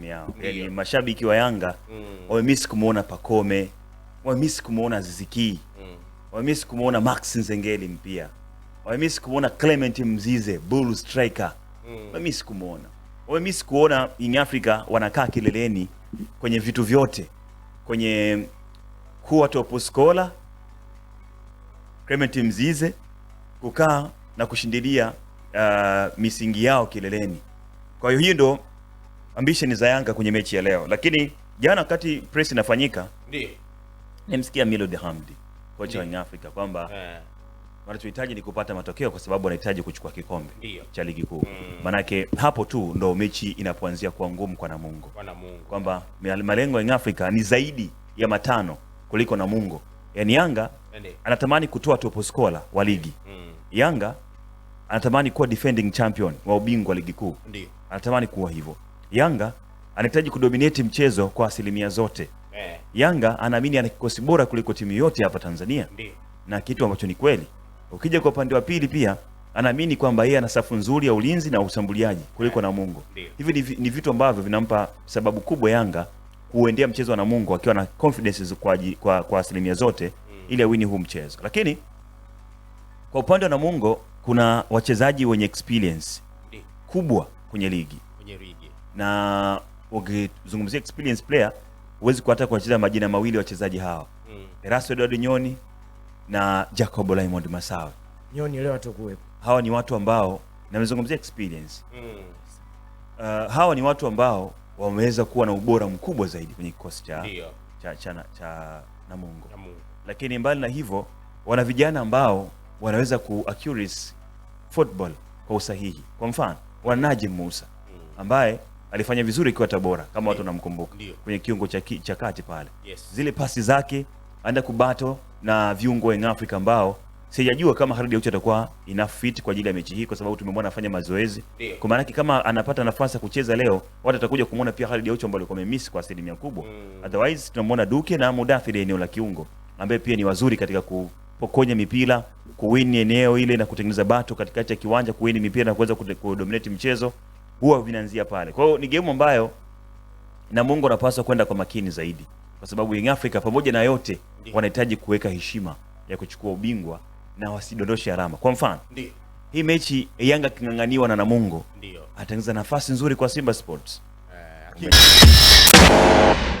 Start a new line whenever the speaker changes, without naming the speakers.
timu yao Mio. Yani mashabiki wa Yanga mm. wamemisi kumwona Pakome, wamemisi kumwona Ziziki Ki mm. wamemisi kumwona Max Nzengeli mpia, wamemisi kumwona Clement Mzize bull striker mm. wamemisi kumwona, wamemisi kuona in Africa wanakaa kileleni kwenye vitu vyote, kwenye kuwa top scorer Clement Mzize kukaa na kushindilia uh, misingi yao kileleni. Kwa hiyo hiyo ndo ambition za Yanga kwenye mechi ya leo, lakini jana wakati press inafanyika ndio nimsikia Miloud Hamdi kocha wa Afrika Africa kwamba eh, wanachohitaji ni kupata matokeo kwa sababu wanahitaji kuchukua kikombe
Dio. cha ligi kuu
mm. Manake hapo tu ndo mechi inapoanzia kuwa ngumu kwa Namungo kwamba malengo ya Afrika ni zaidi ya matano kuliko Namungo. Yani Yanga Ende. anatamani kutoa top scorer wa ligi mm. Yanga anatamani kuwa defending champion wa ubingwa ligi kuu, anatamani kuwa hivyo Yanga anahitaji kudominate mchezo kwa asilimia zote eh. Yanga anaamini ana kikosi bora kuliko timu yote hapa Tanzania Ndi. na kitu ambacho ni kweli. Ukija kwa upande wa pili pia anaamini kwamba yeye ana safu nzuri ya ulinzi na ushambuliaji kuliko eh. Namungo. Hivi ni, ni vitu ambavyo vinampa sababu kubwa Yanga kuendea mchezo wa Namungo akiwa na confidence kwa, kwa, kwa asilimia zote mm. ili awini huu mchezo, lakini kwa upande wa Namungo kuna wachezaji wenye experience Ndi. kubwa kwenye ligi, kwenye ligi na ukizungumzia experience player huwezi kuata kuwacheza majina mawili wachezaji hawa mm. Erasto Edward Nyoni na Jacob Raymond Masawe.
Nyoni leo atakuwepo.
Hawa ni watu ambao namezungumzia experience mm. Uh, hawa ni watu ambao wameweza kuwa na ubora mkubwa zaidi kwenye kikosi cha, cha, cha, cha Namungo na lakini mbali na hivyo wana vijana ambao wanaweza ku accuracy football kwa usahihi. Kwa mfano wana Najim Musa mm. ambaye alifanya vizuri ikiwa Tabora kama watu wanamkumbuka kwenye kiungo cha, cha kati pale yes. Zile pasi zake anaenda kubato na viungo wa Afrika ambao sijajua kama Khalid Aucho atakuwa ina fit kwa ajili ya mechi hii, kwa sababu tumemwona anafanya mazoezi. Kwa maana kama anapata nafasi ya kucheza leo, watu watakuja kumwona pia Khalid Aucho ambaye alikuwa amemiss kwa asilimia kubwa mm. Otherwise tunamwona Duke na Mudathiri eneo la kiungo ambaye pia ni wazuri katika kupokonya mipira, kuwini eneo ile na kutengeneza bato katikati ya kiwanja, kuwini mipira na kuweza kudominate mchezo huwa vinaanzia pale. Kwa hiyo ni game ambayo na Mungu anapaswa kwenda kwa makini zaidi, kwa sababu Young Africa pamoja na yote wanahitaji kuweka heshima ya kuchukua ubingwa na wasidondoshe alama. Kwa mfano hii mechi Yanga aking'ang'aniwa na Namungo ataingiza nafasi nzuri kwa Simba Sports eh,